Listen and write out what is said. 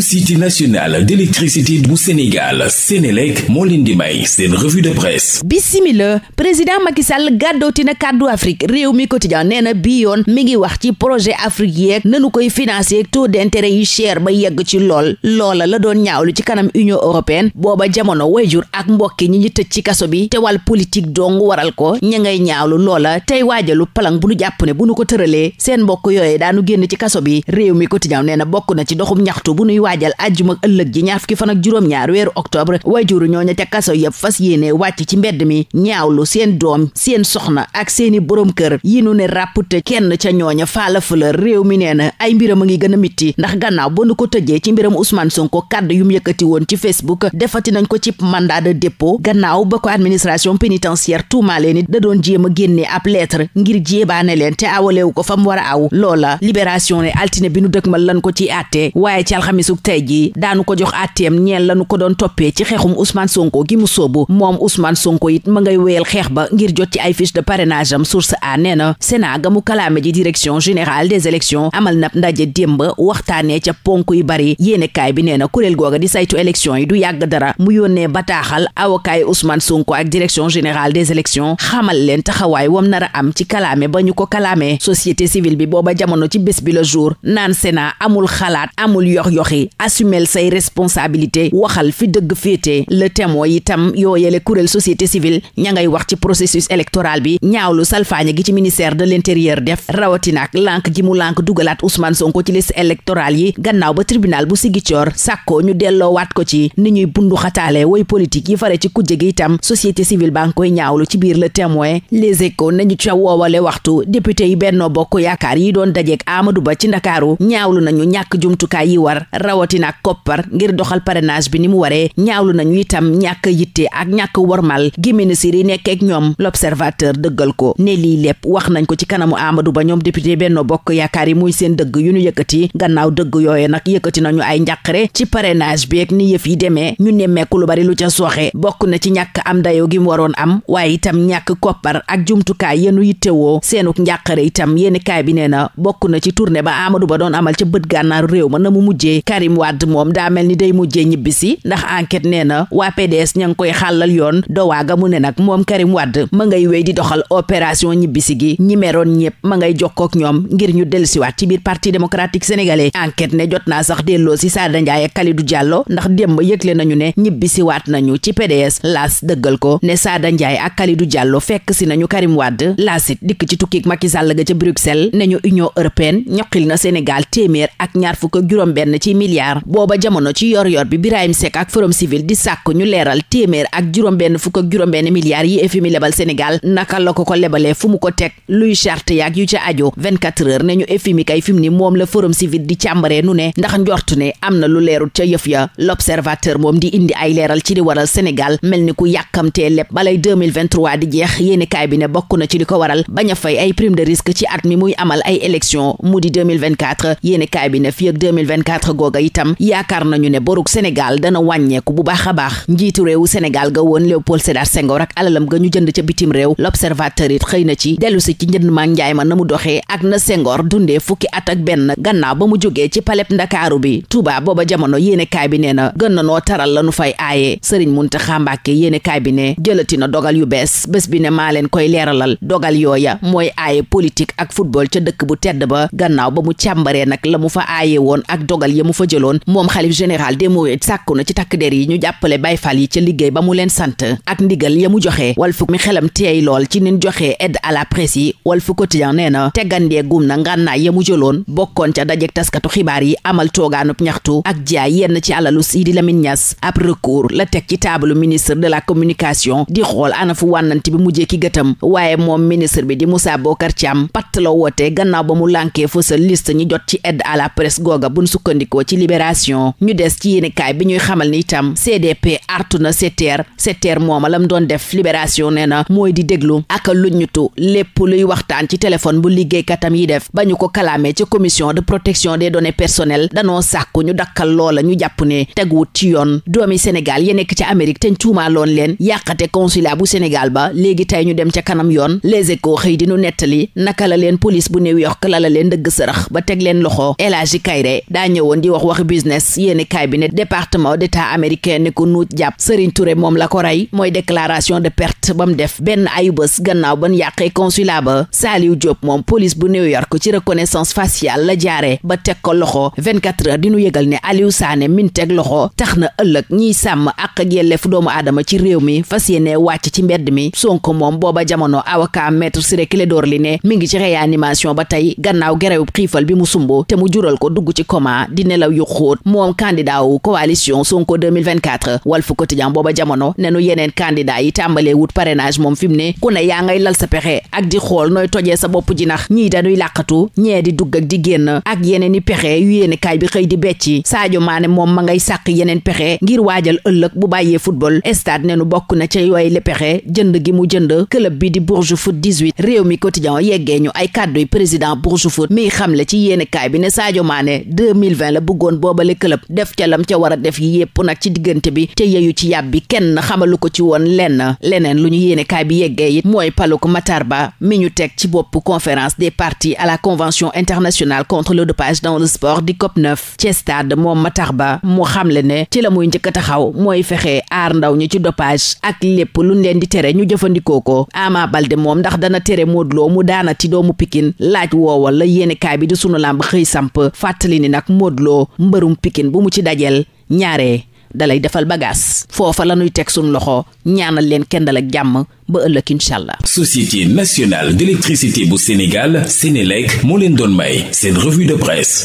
société nationale d'électricité bu Sénégal Sénélec moo leen di may seen revue président Macky Sall kàddu Afrique réew mi quotidien nee na bii yoon mi ngi wax ci projet Afrique yeeg nanu koy financer taux d'intérêt yu cher ba yegg ci lool loola la doon ñaawlu ci kanam Union européenne booba jamono jur ak mbokki ñi ñu tëj ci kaso bi te wal politique dong waral ko ña ngay ñaawlu loola tey waajalu palang bu nu jàpp ne bu nu ko tëralee seen mbokk yooye daanu génn ci kaso bi réew mi quotidien nee na bokk na waajal àjjuma ëllëg ji ñaar fukki fan ak juróom-ñaar weeru octobre waajuru ñooña ca kaso yëpp fas yéene wàcc ci mbedd mi ñaawlu seen doom seen soxna ak seeni borom kër yi nu ne ràpp te kenn ca ñooña faala fuleur réew mi nee na ay mbiram a ngi gën a mitti ndax gannaaw ba nu ko tëjee ci mbiram Ousmane Sonko kàddu yu mu yëkkati woon defati nañ ko ci mandat de gannaaw ba ko administration pénitentiaire tuumaalee ni da doon jéem a génne ngir jéebaane leen a bisub tey ji daanu ko jox atteem ñeel lañu ko doon toppee ci xeexum Ousmane Sonko gi mu sóobu moom Ousmane Sonko it ma ngay wéyal xeex ba ngir jot ci ay fiche de parrainage am source a nee na Sénat ga mu kalaame ji direction générale des élections amal nab ndaje démb waxtaanee ca ponk yu bari yéenekaay bi nee na kuréel googa di saytu élections yi du yàgg dara mu yónnee bataaxal awakaay Ousmane Sonko ak direction générale des élections xamal leen taxawaay wam nar a am ci kalaame ba ñu ko kalaamee société civile bi booba jamono ci bés bi la jour naan Sénat amul xalaat amul yox yoxi waxi assumel say responsabilité waxal fi dëgg féete le témoin itam yooyele kuréel société civile ña ngay wax ci processus électoral bi ñaawlu salfaañe gi ci ministère de l'intérieur def rawatinaak lànk gi mu lànk dugalaat Ousmane Sonko ci liste électorale yi gannaaw ba tribunal bu Sigicoor sàkkoo ñu delloowaat ko ci ni ñuy bundu xataale woy politique yi fare ci kujje gi itam société civile baa ngi koy ñaawlu ci biir le témoin les échos nañu ca woowale waxtu député yi Benno Bokk Yaakaar yi doon dajeek Amadou Ba ci Ndakaaru ñaawlu nañu ñàkk jumtukaay yi rawatina ak koppar ngir doxal parrainage bi ni mu waree ñaawlu nañu itam ñàkk yitte ak ñàkk wormal gi ministre yi nekkeek ñoom l'observateur dëggal ko ne lii lépp wax nañ ko ci kanamu Amadou Ba ñoom député Benno Bokk Yaakaar yi muy seen dëgg yu ñu yëkkati gannaaw dëgg yooye nag yëkkati nañu ay njàqare ci parenage bi ak ni yëf yi demee ñu nemmeeku lu bari lu ca soxe bokk na ci ñàkk am dayo gi mu waroon am waaye itam ñàkk koppar ak jumtukaay yenu yittewoo seenuk njàqare itam yéeni kaay bi nee na bokk na ci tournée ba Amadou Ba doon amal ca bët gànnaaru Karim moom daa mel ni day mujjee ñibbisi ndax enquête nee na waa PDS ña ngi koy xàllal yoon dowaaga mu ne nag moom Karim Wade ma ngay wéy di doxal opération ñibbisi gi ñi meroon ñëpp ma ngay jokkook ñoom ngir ñu dellusiwaat ci biir parti démocratique sénégalais enquête ne jot naa sax delloo si Sada Ndiaye ak Kalidou Diallo ndax démb yëgle nañu ne ñibbisiwaat nañu ci PDS laas dëggal ko ne Sada Ndiaye ak Kalidou jàllo fekk si nañu Karim Wade laasit dikk ci tukkiik Macky Sall ga ca Bruxelles ne ñu Union européenne ñoqil na Sénégal téeméer ak ñaar fukk ak juróom benn ci milliards booba jamono ci yor yor bi Birahim Seck ak Forum Civil di sàkk ñu leeral téeméer ak juróom-benn fukk ak juróom-benn milliards yi FMI lebal Sénégal naka la ko ko lebalee fu ko teg luy charte yaak yu ca ajo ne ñu FMI kay fi ni moom la Forum Civil di càmbaree nu ne ndax njort ne am na lu leerut ca yëf ya l'observateur moom di indi ay leeral ci di waral Sénégal mel ni ku yàkkamtee lépp balay di jeex yéeni kaay bi na ci li ko waral bañ a fay googa itam yaakaar nañu ne borug sénégal dana wàññeeku bu baax a baax njiitu réewu senegal ga woon Léopold Sédar Senghor ak alalam ga ñu jënd ca bitim réew l'observateur it xëy na ci dellu si ci njënd ma njaay ma na mu doxee ak na sengoor dundee fukki at ak benn gannaaw ba mu jógee ci palep ndakaaru bi Touba booba jamono yéene kaay bi nee na gën na noo taral la nu fay aaye sëriñ Muntaxa Mbàkke yéene kaay bi ne jëlati na dogal yu bees bés bi ne maa leen koy leeralal dogal yooya mooy aaye politique ak football ca dëkk bu tedd ba gannaaw ba mu càmbaree nag la fa jëloon moom xalif général des mourides sàkku na ci takk der yi ñu jàppale Baay Faal yi ca liggéey ba mu leen sant ak ndigal ya mu joxe Walf mi xelam teey lool ci nin joxe aide à la presse yi Walf Quotidien nee na teggandee gum na ngànnaay ya mu jëloon bokkoon ca dajek taskatu xibaar yi amal toogaanub ñaxtu ak jaay yenn ci alalu Sidi Lamine Niass ab recours la teg ci taabalu ministre de la communication di xool ana fu wànnante bi mujjee ki gëtam waaye moom ministre bi di Moussa ci libération ñu des ci yéenekaay bi ñuy xamal ni itam CDP artu na SETER SETER mooma doon def libération nee na mooy di déglu ak lu ñu tu lépp luy waxtaan ci téléphone bu liggéey katam yi def ba ñu ko kalaamee ci commission de protection de données personnelles danoo sàkku ñu dakkal loola ñu jàpp ne teguwut ci yoon doomi Sénégal ya nekk ci Amérique teñ tuumaaloon leen yàqate consulat bu Sénégal ba léegi tey ñu dem ca kanam yoon les échos xëy di nu nettali naka la leen police bu New York la la leen wax wax business yéeni kaay bi ne département d'état américain ne ko nuut jàpp Serigne Touré moom la ko rey mooy déclaration de perte ba mu def benn ayubés gannaaw ban yàqee consulat ba Saliou Diop moom police bu New York ci reconnaissance faciale la jaare ba teg ko loxo 24 heures di nu yëgal ne Aliou Sané min teg loxo tax na ëllëg ñiy sàmm ak ak yelleefu doomu aadama ci réew mi fas yéene wàcc ci mbedd mi Sonko moom booba jamono avocat maître Ciré Clédor Ly ne mi ngi ci réanimation ba tey gannaaw ngelaw yu xóot moom candidat wu Sonko 2024 Walf Quotidien booba jamono ne yeneen candidat tàmbalee wut parrainage moom fi ne ku ne yaa ngay lal pexe ak di xool nooy tojee sa bopp jinax ñii dañuy làqatu ñee dugg ak di génn ak yeneen i pexe yu yéene kaay bi xëy di becci Sadio Mané moom ma ngay sàq yeneen pexe ngir waajal ëllëg bu bàyyee football stade ne bokk na ca yooyu pexe jënd gi mu jënd club bi di Bourges Foot 18 réew mi quotidien yeggee bëggoon boobale këlëb def ca lam ca war a def yépp nag ci diggante bi te yeyu ci yàbbi kenn xamalu ko ci woon lenn leneen lu ñu yéene kaay bi yeggee it mooy paluk Matar Ba mi ñu teg ci bopp conférence des parties à la convention internationale contre le dopage dans le sport di COP 9 ci stade moom Matar Ba mu xamle ne ci la muy njëkk a taxaw mooy fexe aar ndaw ñi ci dopage ak lépp lu leen di tere ñu jëfandikoo ko Ama Balde moom ndax dana tere Modou Lo mu daana ti doomu mbërum pikin bu mu ci dajeel ñaare dalay defal bagaas foofa la ñuy teg suñ loxo ñaanal leen kenn dala jàmm ba ëllëg incha allah. société nationale d'électricité bu Sénégal Sénélec moo leen doon may seen revue de presse.